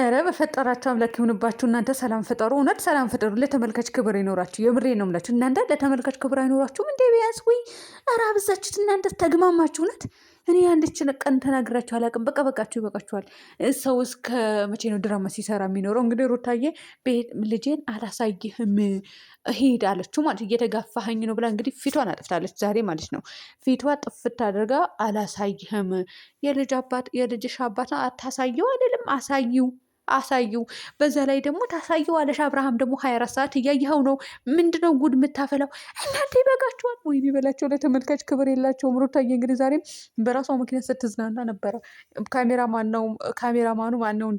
ኧረ በፈጠራቸው አምላክ ይሁንባችሁ። እናንተ ሰላም ፍጠሩ፣ እውነት ሰላም ፍጠሩ። ለተመልካች ክብር ይኖራችሁ። የምሬ ነው የምላችሁ። እናንተ ለተመልካች ክብር አይኖራችሁም እንዴ? ቢያንስ ወይ ኧረ አበዛችሁት እናንተ ተግማማችሁ እውነት እኔ አንድች ቀን ተናግራችሁ አላውቅም። በቃ በቃችሁ፣ ይበቃችኋል። ሰው እስከ መቼ ነው ድራማ ሲሰራ የሚኖረው? እንግዲህ ሩታዬ ልጄን አላሳይህም ሄድ አለችው ማለት እየተጋፋኸኝ ነው ብላ እንግዲህ ፊቷን አጥፍታለች ዛሬ ማለት ነው። ፊቷ ጥፍት አድርጋ አላሳይህም፣ የልጅ አባት የልጅሽ አባት አታሳየው አይደለም አሳይው አሳዩ። በዛ ላይ ደግሞ ታሳዩ ታሳየዋለሽ። አብርሃም ደግሞ ሀያ አራት ሰዓት እያየኸው ነው። ምንድነው ጉድ የምታፈላው እናንተ? ይበጋችኋል ወይ ይበላቸው። ለተመልካች ክብር የላቸውም። ሩታዬ እንግዲህ ዛሬም በራሷ ምክንያት ስትዝናና ነበረ። ካሜራ ማነው ካሜራማኑ ማነው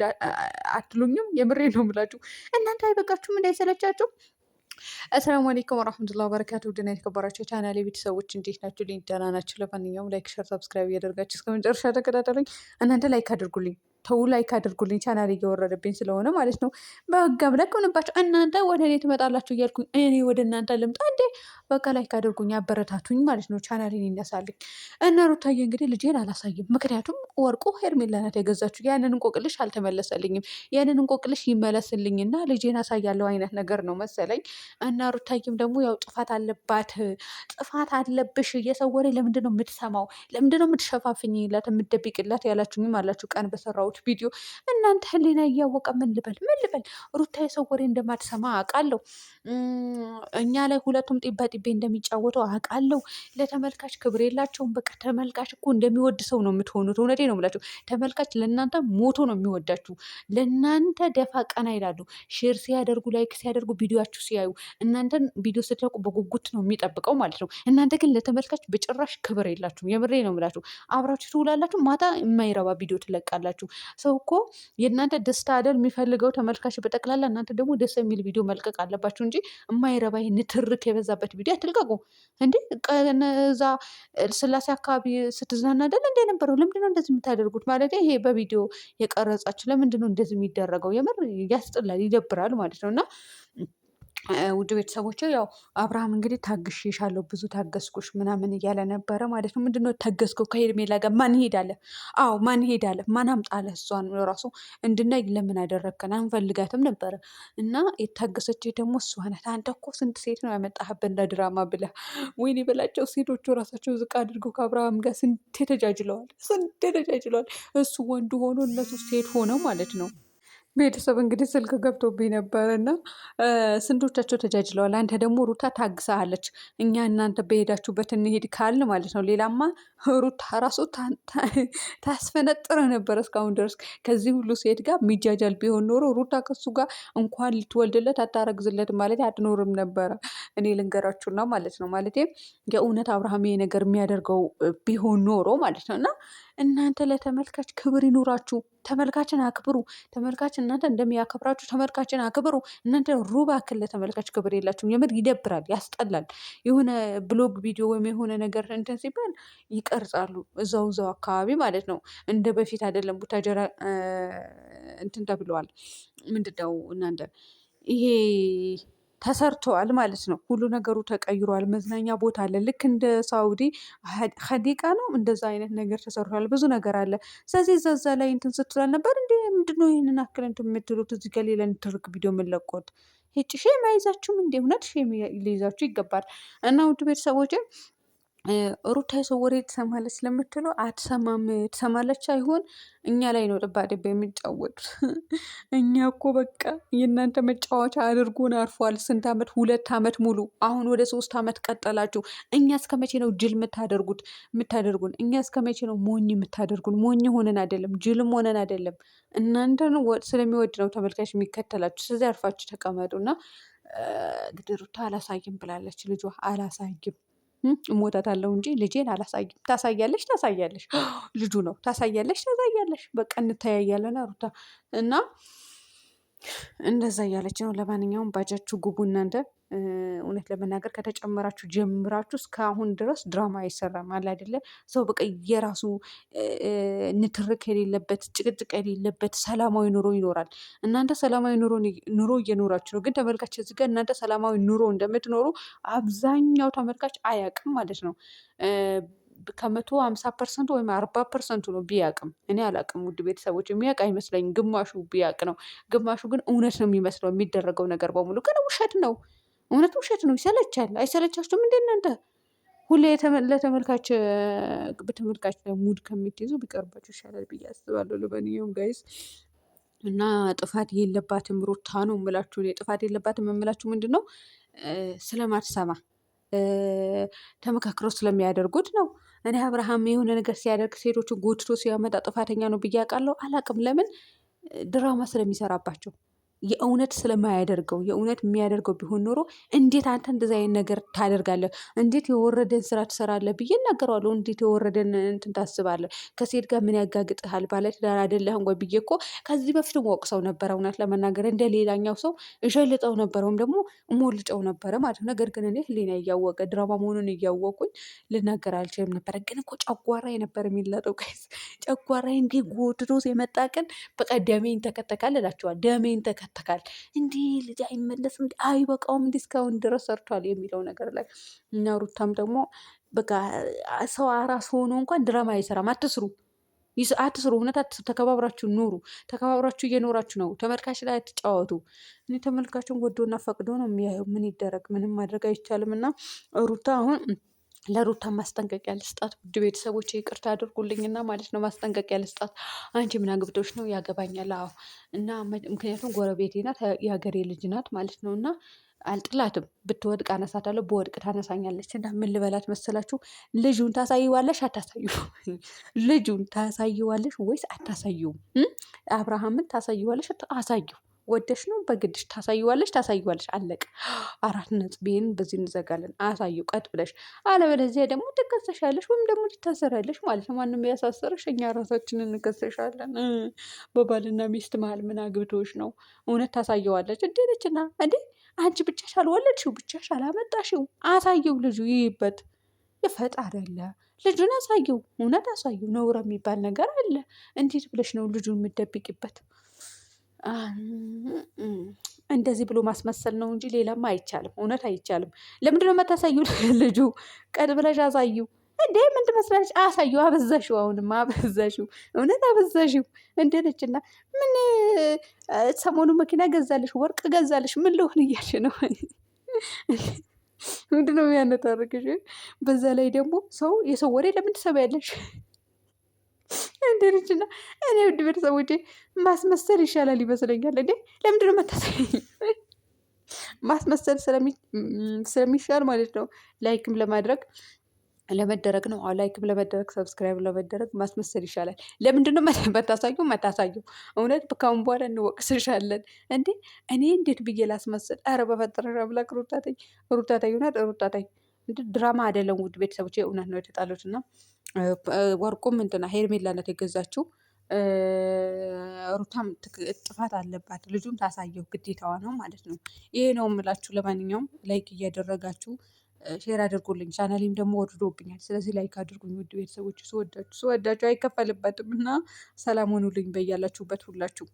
አትሉኝም? የምሬ ነው የምላችሁ እናንተ። አይበቃችሁም? እንዳይሰለቻቸው አሰላሙ አለይኩም ወራህመቱላሂ ወበረካቱ። ውድና የተከበራችሁ ቻናል የቤተሰቦች እንዴት ናችሁ? ልኝ ደህና ናችሁ? ለማንኛውም ላይክ፣ ሸር፣ ሰብስክራይብ እያደርጋችሁ እስከመጨረሻ ተከታተሉኝ። እናንተ ላይክ አድርጉልኝ ተው ላይክ አድርጉልኝ፣ ቻናል እየወረደብኝ ስለሆነ ማለት ነው። በህግ አምላክ ሆነባቸው እናንተ ወደ እኔ ትመጣላችሁ እያልኩኝ እኔ ወደ እናንተ ልምጣ እንዴ? በቃ ላይክ አድርጉኝ፣ አበረታቱኝ ማለት ነው። ቻናሌን ይነሳልኝ እና ሩታዬ እንግዲህ ልጄን አላሳይም፣ ምክንያቱም ወርቁ ሄርሜላ ናት የገዛችሁ። ያንን እንቆቅልሽ አልተመለሰልኝም። ያንን እንቆቅልሽ ይመለስልኝና ልጄን አሳያለው አይነት ነገር ነው መሰለኝ። እና ሩታዬም ደግሞ ያው ጥፋት አለባት፣ ጥፋት አለብሽ። የሰው ወሬ የምትሰማው? ለምንድነው የምትሸፋፍኝላት፣ የምትደብቅላት ያላችሁኝም አላችሁ ቀን በሰራው የሰራሁት ቪዲዮ እናንተ ህሊና እያወቀ ምን ልበል ምን ልበል? ሩታ የሰው ወሬ እንደማትሰማ አውቃለሁ። እኛ ላይ ሁለቱም ጢባ ጢቤ እንደሚጫወቱ አውቃለሁ። ለተመልካች ክብር የላቸውም። በቃ ተመልካች እኮ እንደሚወድ ሰው ነው የምትሆኑት። እውነቴ ነው የምላቸው። ተመልካች ለእናንተ ሞቶ ነው የሚወዳችሁ። ለእናንተ ደፋ ቀና ይላሉ። ሼር ሲያደርጉ፣ ላይክ ሲያደርጉ፣ ቪዲዮችሁ ሲያዩ እናንተን ቪዲዮ ስትለቁ በጉጉት ነው የሚጠብቀው ማለት ነው። እናንተ ግን ለተመልካች በጭራሽ ክብር የላችሁ። የምሬ ነው የምላችሁ። አብራችሁ ትውላላችሁ። ማታ የማይረባ ቪዲዮ ትለቃላችሁ። ሰው እኮ የእናንተ ደስታ አይደል የሚፈልገው ተመልካች በጠቅላላ። እናንተ ደግሞ ደስ የሚል ቪዲዮ መልቀቅ አለባችሁ እንጂ የማይረባ ንትርክ የበዛበት ቪዲዮ አትልቀቁ እንዴ። ቀነዛ ስላሴ አካባቢ ስትዝናና አይደል እንደ ነበረው ለምንድነው እንደዚህ የምታደርጉት? ማለት ይሄ በቪዲዮ የቀረጻችሁ ለምንድነው እንደዚህ የሚደረገው? የምር ያስጥላል፣ ይደብራል ማለት ነው እና ውድ ቤተሰቦች ያው አብርሃም እንግዲህ ታግሼሻለሁ ብዙ ታገስኩሽ ምናምን እያለ ነበረ ማለት ነው። ምንድነው ታገስኩ ከሄርሜላ ጋር ማን ሄዳለ? አዎ ማን ሄዳለ? ማን አምጣለ? እሷን ራሱ እንድናይ ለምን አደረግከን? አንፈልጋትም ነበረ እና የታገሰች ደግሞ እሷ ናት። አንተ እኮ ስንት ሴት ነው ያመጣህብን ለድራማ ብለህ ወይኔ በላቸው። ሴቶቹ ራሳቸው ዝቅ አድርገው ከአብርሃም ጋር ስንት ተጃጅለዋል፣ ስንት ተጃጅለዋል። እሱ ወንድ ሆኖ እነሱ ሴት ሆነው ማለት ነው። ቤተሰብ እንግዲህ ስልክ ገብቶብኝ ነበር እና ስንቶቻቸው ተጃጅለዋል። አንተ ደግሞ ሩታ ታግሳለች እኛ እናንተ በሄዳችሁበት እንሄድ ካል ማለት ነው። ሌላማ ሩታ ራሱ ታስፈነጥረ ነበር እስካሁን ድረስ። ከዚህ ሁሉ ሴት ጋር ሚጃጃል ቢሆን ኖሮ ሩታ ከሱ ጋር እንኳን ልትወልድለት አታረግዝለት ማለት አትኖርም ነበረ። እኔ ልንገራችሁና ማለት ነው ማለት የእውነት አብርሃም ይሄ ነገር የሚያደርገው ቢሆን ኖሮ ማለት ነው እና እናንተ ለተመልካች ክብር ይኑራችሁ። ተመልካችን አክብሩ። ተመልካች እናንተ እንደሚያከብራችሁ ተመልካችን አክብሩ። እናንተ ሩባ አክል ለተመልካች ክብር የላችሁም። የምር ይደብራል፣ ያስጠላል። የሆነ ብሎግ ቪዲዮ ወይም የሆነ ነገር እንትን ሲባል ይቀርጻሉ እዛው እዛው አካባቢ ማለት ነው። እንደ በፊት አይደለም። ቡታጀራ እንትን ተብለዋል። ምንድነው እናንተ ይሄ ተሰርተዋል ማለት ነው። ሁሉ ነገሩ ተቀይሯል። መዝናኛ ቦታ አለ። ልክ እንደ ሳውዲ ከዲቃ ነው እንደዛ አይነት ነገር ተሰርቷል። ብዙ ነገር አለ። ስለዚህ እዛዛ ላይ እንትን ስትላል ነበር እንዲ ምንድነው ይህንን አክል እንትን የምትሉት? እዚህ ጋር ሌላ ንትርክ ቪዲዮ የምለቆት ሄጭ ሼም አይዛችሁም እንዴ? እውነት ሼም ሊይዛችሁ ይገባል። እና ውድ ቤተሰቦች ሩታ የሰው ወሬ ትሰማለች ስለምትሉ አትሰማም። ትሰማለች አይሆን እኛ ላይ ነው ጥባጥብ የሚጫወቱት። እኛ እኮ በቃ የእናንተ መጫወቻ አድርጎን አርፏል። ስንት ዓመት? ሁለት ዓመት ሙሉ አሁን ወደ ሶስት ዓመት ቀጠላችሁ። እኛ እስከ መቼ ነው ጅል የምታደርጉት የምታደርጉን? እኛ እስከ መቼ ነው ሞኝ የምታደርጉን? ሞኝ ሆነን አይደለም ጅልም ሆነን አይደለም። እናንተን ስለሚወድ ነው ተመልካች የሚከተላችሁ። ስለዚህ አርፋችሁ ተቀመጡ እና ግድሩታ አላሳይም ብላለች። ልጇ አላሳይም እሞታታለሁ እንጂ ልጄን አላሳይም። ታሳያለሽ ታሳያለሽ ልጁ ነው ታሳያለሽ ታሳያለሽ በቃ እንተያያለን ሩታ እና እንደዛ እያለች ነው። ለማንኛውም ባጃችሁ ጉቡ እናንተ እውነት ለመናገር ከተጨመራችሁ ጀምራችሁ አሁን ድረስ ድራማ አይሰራም አለ አይደለ? ሰው በቃ የራሱ ንትርክ የሌለበት ጭቅጭቅ የሌለበት ሰላማዊ ኑሮ ይኖራል። እናንተ ሰላማዊ ኑሮ ኑሮ እየኖራችሁ ነው፣ ግን ተመልካች እዚህ ጋር እናንተ ሰላማዊ ኑሮ እንደምትኖሩ አብዛኛው ተመልካች አያውቅም ማለት ነው። ከመቶ ሀምሳ ፐርሰንቱ ወይም አርባ ፐርሰንቱ ነው ቢያቅም። እኔ አላቅም ውድ ቤተሰቦች፣ የሚያውቅ አይመስለኝም። ግማሹ ቢያቅ ነው፣ ግማሹ ግን እውነት ነው የሚመስለው የሚደረገው ነገር በሙሉ ግን ውሸት ነው። እውነት ውሸት ነው፣ ይሰለቻል። አይሰለቻችሁም እንደ እናንተ ሁሌ ለተመልካች በተመልካች ሙድ ከምትይዙ ቢቀርባችሁ ይሻላል ብዬ አስባለሁ። ለማንኛውም ጋይስ እና ጥፋት የለባትም ሩታ ነው የምላችሁ። ጥፋት የለባትም የምላችሁ ምንድን ነው ስለማትሰማ ተመካክረው ስለሚያደርጉት ነው። እኔ አብርሃም የሆነ ነገር ሲያደርግ ሴቶችን ጎትቶ ሲያመጣ ጥፋተኛ ነው ብዬ አውቃለሁ። አላቅም ለምን ድራማ ስለሚሰራባቸው የእውነት ስለማያደርገው የእውነት የሚያደርገው ቢሆን ኖሮ እንዴት አንተ እንደዚ አይነት ነገር ታደርጋለህ? እንዴት የወረደን ስራ ትሰራለህ? ብዬ እናገረዋለሁ። እንዴት የወረደን እንትን ታስባለህ? ከሴት ጋር ምን ያጋግጥሃል? ባለትዳር አይደለህም ወይ ብዬ እኮ ከዚህ በፊት ወቅሰው ነበረ። እውነት ለመናገር እንደ ሌላኛው ሰው እሸልጠው ነበረ ወይም ደግሞ እሞልጨው ነበረ ማለት ነው። ነገር ግን እኔ ህሊና እያወቀ ድራማ መሆኑን እያወቁኝ ልናገር አልችልም ነበረ። ግን እኮ ጨጓራዬ ነበር የሚላጠው። ጨጓራዬ እንዲህ ጎድዶት የመጣ ቀን በቃ ደሜን ተከተካል እላቸዋል። ደሜን ተከ ይንተከተካል። እንዲህ ልጅ አይመለስም፣ እንዲህ አይበቃውም፣ እንዲህ እስካሁን ድረስ ሰርቷል የሚለው ነገር ላይ እና ሩታም ደግሞ በቃ ሰው አራስ ሆኖ እንኳን ድራማ አይሰራም። አትስሩ አትስሩ፣ እውነት አትስሩ። ተከባብራችሁ ኑሩ። ተከባብራችሁ እየኖራችሁ ነው። ተመልካች ላይ አትጫወቱ። እኔ ተመልካችን ወዶና ፈቅዶ ነው የሚያየው። ምን ይደረግ፣ ምንም ማድረግ አይቻልም። እና ሩታ አሁን ለሩታ ማስጠንቀቂያ ልስጣት። ውድ ቤተሰቦች ይቅርታ አድርጉልኝና ማለት ነው ማስጠንቀቂያ ልስጣት። አንቺ ምን አግብቶች ነው ያገባኛል? አዎ እና ምክንያቱም ጎረቤቴ ናት፣ የሀገሬ ልጅ ናት ማለት ነው እና አልጥላትም ብትወድቅ አነሳታለሁ፣ በወድቅ ታነሳኛለች። እና ምን ልበላት መሰላችሁ? ልጁን ታሳይዋለሽ አታሳዩ? ልጁን ታሳይዋለሽ ወይስ አታሳዩም? አብርሃምን ታሳይዋለሽ አሳዩ። ወደሽ ነው በግድሽ ታሳይዋለሽ ታሳይዋለሽ አለቅ አራት ነጥቤን በዚህ እንዘጋለን አሳዩ ቀጥ ብለሽ አለበለዚያ ደግሞ ትከሰሻለሽ ወይም ደግሞ ትታሰሪያለሽ ማለት ነው ማንም ያሳሰረሽ እኛ ራሳችን እንከሰሻለን በባልና ሚስት መሀል ምን አግብቶች ነው እውነት ታሳየዋለች እንዴነችና እንዴ አንቺ ብቻሽ አልወለድሽው ብቻሽ አላመጣሽው አሳየው ልጁ ይይበት ፈጣሪ አለ ልጁን አሳየው እውነት አሳየው ነውረ የሚባል ነገር አለ እንዴት ብለሽ ነው ልጁን የምደብቅበት። እንደዚህ ብሎ ማስመሰል ነው እንጂ ሌላም አይቻልም። እውነት አይቻልም። ነው የምታሳዩ? ልጁ ቀጥ ብለሽ አሳዩ እንዴ ምን ትመስላለች? አሳዩ። አበዛሽው፣ አሁንም አበዛሽው፣ እውነት አበዛሽው። እንደነችና ምን ሰሞኑ መኪና ገዛልሽ፣ ወርቅ ገዛልሽ፣ ምን ልሆን እያልሽ ነው? ምንድነው የሚያነታርክሽ? በዛ ላይ ደግሞ ሰው የሰው ወሬ ለምን ያለሽ? እንዴ ልጅና እኔ ውድ ቤተሰቦቼ ማስመሰል ይሻላል ይመስለኛል። እንዴ ለምንድነው መታሰኝ? ማስመሰል ስለሚሻል ማለት ነው። ላይክም ለማድረግ ለመደረግ ነው። ላይክም ለመደረግ ሰብስክራይብ ለመደረግ ማስመሰል ይሻላል። ለምንድነው መታሳዩ? መታሳዩ እውነት ከአሁን በኋላ እንወቅስሻለን። እንዴ እኔ እንዴት ብዬ ላስመስል? አረ በፈጠረሽ አምላክ ሩታተኝ ሩታተኝ ሆናት ሩታተኝ ድራማ አይደለም ውድ ቤተሰቦች፣ እውነት ነው የተጣሉት እና ወርቁም እንትና ሄርሜላነት የገዛችው ሩታም ጥፋት አለባት። ልጁም ታሳየው ግዴታዋ ነው ማለት ነው። ይሄ ነው የምላችሁ። ለማንኛውም ላይክ እያደረጋችሁ ሼር አድርጉልኝ። ቻናሌም ደግሞ ወርዶብኛል። ስለዚህ ላይክ አድርጉኝ ውድ ቤተሰቦች። ስወዳችሁ ስወዳችሁ አይከፈልበትም እና ሰላም ሆኑልኝ በያላችሁበት ሁላችሁ